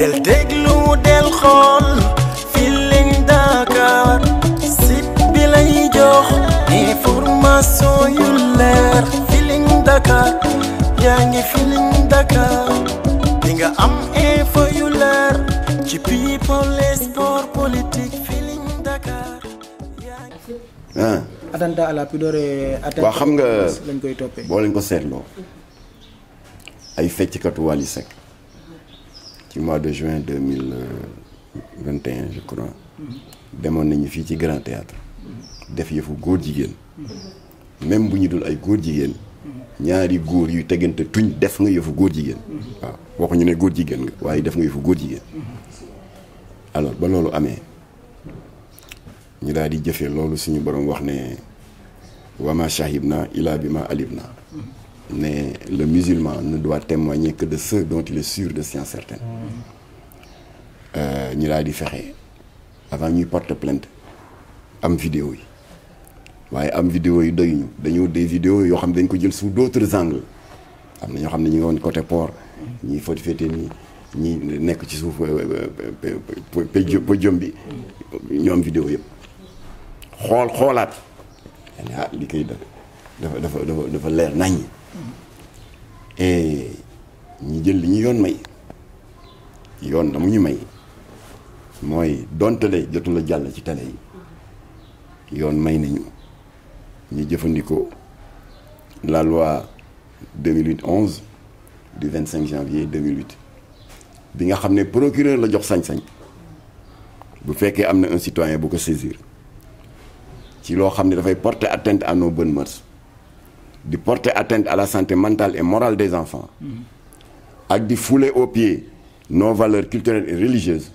del déglu del xool Feeling Dakar site bi lay jox information yu leer Feeling Dakar yaa ngi Feeling Dakar di nga am info yu leer ci people et sport politique Feeling Dakar yaa ngi attentat à xam nga boo lañ ko seetloo ay fecckatu Wally Seck ci mois de juin deux mille vingt et un je demoon nañu fii ci grand théâtre def yëfu góor jigéen même bu ñu dul ay góor jigéen ñaari góor yuy tegante tuñ def nga yëfu góor jigéen waaw ñu ne góor jigéen nga waaye def nga yëfu góor jigéen alors ba loolu amee ñu daal di jëfee loolu suñu borom wax ne wama shahib na ilaa bi ma alib na mais le musulman ne doit témoigner que de ceux dont il est sûr de science certaine ñu euh, daal di fexe avant ñuy porter plainte am vidéo yi waaye am vidéo yi doyuñu dañoo des vidéos yoo xam ne dañ ko jël sous d'autres angles am na ñoo xam ne ñu ngi woon côté port ñi fa féete nii ñi nekk ci suuf euh, euh, pëjjëm bi ñoo am vidéo yëpp xool xoolaat li koy def dafa dafa dafa dafa leer naññi et eh, jël li ñu yoon may yoon la mu ñu may mooy dontale jotu la jàll ci télé yi yoon may nañu ñu jëfandikoo la loi 2008 11 du 25 janvier 2008 bi nga xam ne procureur la jox sañ-sañ bu fekkee am na un citoyen bu ko saisir ci loo xam ne dafay porter atteinte à nos bonnes mœurs di porter atteinte à la santé mentale et morale des enfants ak di fouler au pieds nos valeurs culturelles et religieuses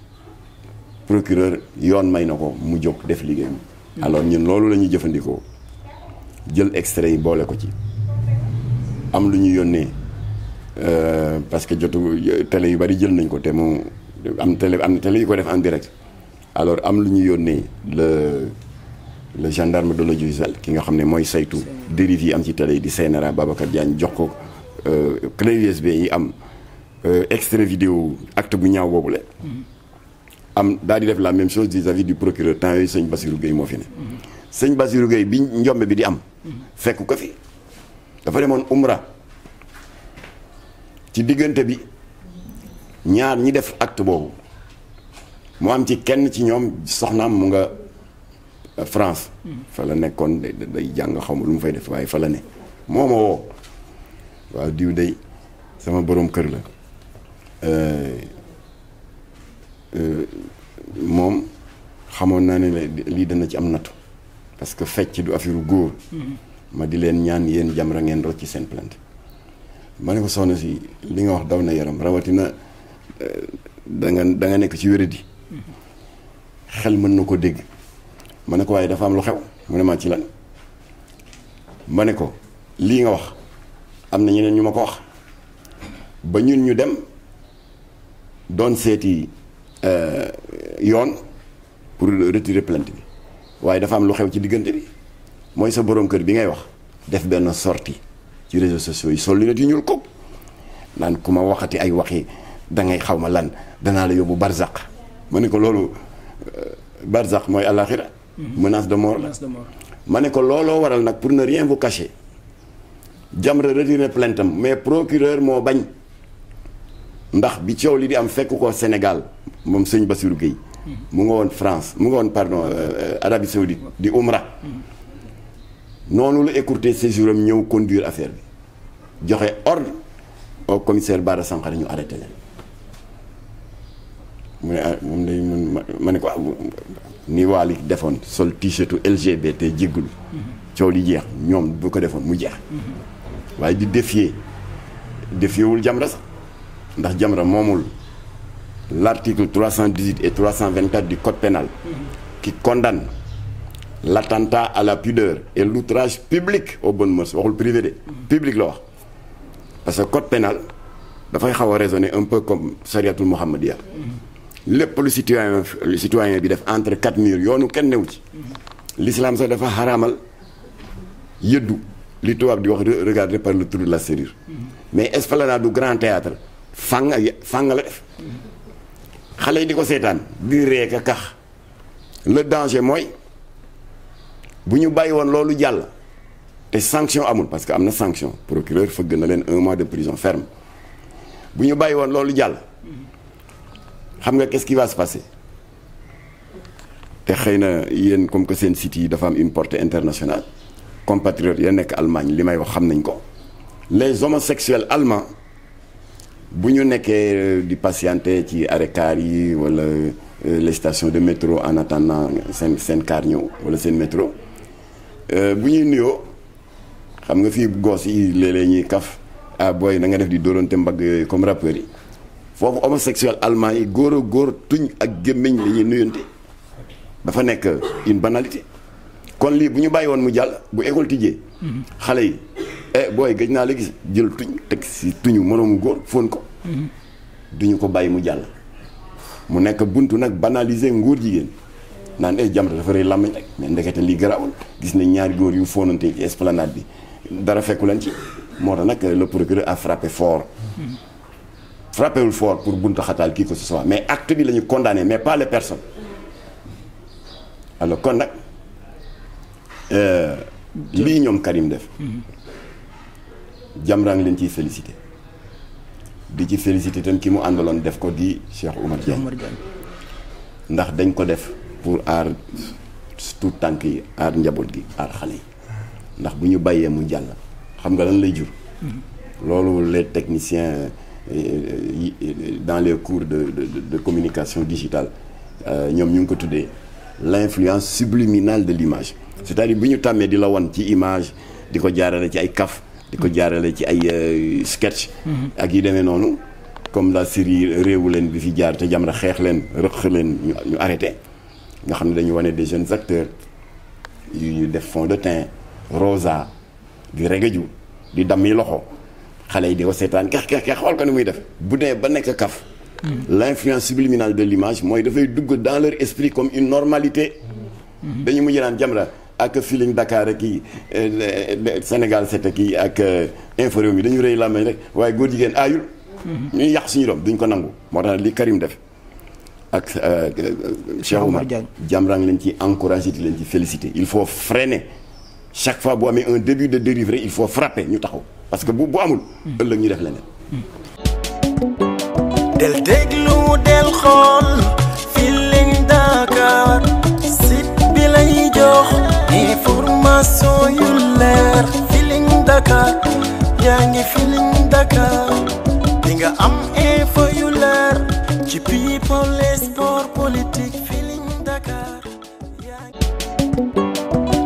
procureur yoon may na ko mu jóg def liggéeyam alors ñun loolu la ñuy jëfandikoo jël extrait yi boole ko ci am lu ñu yónnee euh, parce que jotu télé yu bari jël nañ ko te mu am télé am na télé yu ko def en direct alors am lu ñu yónnee le gendarme de l'audiovisuel ki nga xam ne mooy saytu dérive yi am ci télé di CNRA Babacar Diagne jox ko euh, clé USB yi am euh, extrait vidéo acte bu ñaaw boobu boobule mm-hmm. am daal di def la même chose vis-à-vis du procureur temps yooyu sëñ Bassirou Gueye mm-hmm. sëñ Bassirou Gueye bi njombe bi di am mm-hmm. fekk ko fi dafa demoon umra ci diggante bi ñaar ñi def acte boobu mu am ci kenn ci ñoom soxnaam mu nga Euh, France. fa la nekkoon day jàng xamul lu mu fay def waaye fa la ne moo ma woo diw day sama boroom kër la euh, euh, moom xamoon naa ne lii na ci am nattu parce que fecc du affaire góor. Mm-hmm. ma di leen ñaan yéen Jamra ngeen rocci seen plainte ma ne ko soxna si li nga wax daw na yaram rawatina danga danga nekk ci wéradi mm-hmm. xel mën na ko dégg. ma ne ko waaye dafa am lu xew mu ne ma ci lan ma ne ko lii nga wax am na ñeneen ñu ma ko wax ba ñun ñu dem doon seeti euh, yoon pour retirer plainte bi waaye dafa am lu xew ci diggante bi mooy sa boroom kër bi ngay wax def benn sortie ci réseaux sociaux yi sol lunette yu ñuul ko naan ku ma waxati ay waxi dangay xaw ma lan danaa la yóbbu barzaq ma ne ko loolu euh, barzaq mooy àllaaxira Mhm. menace de mort menace ma ne ko looloo waral nag pour ne rien vous cacher Jamra retiré plainte mais procureur moo bañ ndax bi coow li di am fekk ko Sénégal moom sëñ Bassirou Gueye mhm. mu nga woon France mu nga woon pardon euh, euh, Arabie Saoudite di Umra mhm. noonu la écourté séjour am ñëw conduire affaire bi joxe ordre au commissaire Bara Sankhare ñu arrêté leen mu ne ah, moom day ma ne ko ah, ni defoon sol t-shirtu te jéggul coow li jeex ñoom bu ko defoon mu jeex waaye di défier défiewul Jamra sax ndax Jamra moomul l'article 318 et 324 du code pénal qui condamne l'attentat à la pudeur et l'outrage public aux bonnes mœurs waxul privé de public la wax parce que code pénal dafay xaw a raisonner un peu comme chariatul muhammadiya lépp lu citoyen lu citoyen bi def entre quatre murs yoonu kenn newu ci l'islam sax dafa xaraamal yëddu li tubaab di wax regarder par le trou de la serrure mais esplanade du grand théâtre fang fang la def xale yi di ko seetaan di reeka kax le danger mooy bu ñu bàyyi woon loolu jàll te sanction amul parce que am na sanction procureur fëgg na leen un mois de prison ferme bu ñu bàyyi woon loolu jàll xam nga qu'est-ce qui va se te xëy na yéen comme que seen site yi dafa am une portée internationale compatriotes ya nekk Allemagne li may wax xam nañ ko les homosexuels allemands bu ñu nekkee euh, di patienter ci arrêt car yi wala euh, les stations de métro en attendant seen seen car ñëw wala seen métro euh, bu ñuy nuyoo xam nga fii goos yi léeg ñuy kaf ah booy da nga def di dóorante mbagg yooyu comme rappeurs yi foofu homosexuel allemand yi góor a góor tuñ ak gémmiñ la ñuy nuyante dafa nekk une banalité kon lii bu ñu bàyyi woon mu jàll bu école tijjee xale yi eh booy gëj naa la gis jël tuñ teg si tuñu moroomu góor fóon ko duñu ko bàyyi mu jàll mu nekk buntu nag banaliser nguur jigéen naan ay eh, Jamra dafa rëy làmmiñ rek mais ndekete lii garawul gis nañ ñaari góor yu foonante ci bi dara fekku leen ci moo tax nag le procureur a frappé fort frappé wul fort pour bunta xataal kii ko ce soit mais acte bi la ñu condamné mais pas les personnes alors kon nag euh, lii ñoom Karim def Jamra ngi leen ciy félicité di ci félicité itam ki mu àndaloon def ko di Cheikh Oumar Diagne ndax dañ ko def pour aar tout tànk yi aar njaboot gi aar xale yi ndax bu ñu bàyyee mu jàll xam nga lan lay jur mm-hmm. loolu les techniciens Euh, euh, dans les cours de de, de communication digitale euh, ñoom ñu ngi ko tuddee l'influence subliminale de l'image c'est-à-dire bu ñu tàmmee di la wan ci image di ko jaarale ci ay kaf di ko jaarale ci ay sketch ak yi demee noonu comme la série réewu leen bi fi jaar te Jamra xeex leen rëq leen ñu arrêté nga xam ne dañu wane des jeunes acteurs yu def fond de teint rosa di regaju di dammi loxo xale yi di ko seetaan kex kex xool ko ni muy def bu dee ba nekk kaf l'influence subliminale de l'image mooy dafay dugg dans leur esprit comme une normalité dañu mujj naan Jamra ak Feeling Dakar ak kii euh, euh, Sénégal set kii ak euh, info yi dañu rey làmmeñ rek waaye góor jigéen aayul ñuy yàq suñu doom duñ ko nangu moo tax li Karim def ak Cheikh Oumar Jamra ngi leen ci encouragé di leen ci félicité il faut freiner chaque fois bu amee un début de dérive rek il faut frapper ñu taxaw parce que bu bu amul. ëllëg ñu def leneen. del déglu del xool Feeling Dakar site bi lay jox information yu leer Feeling Dakar yaa ngi Feeling Dakar di am info yu leer ci people sport politique.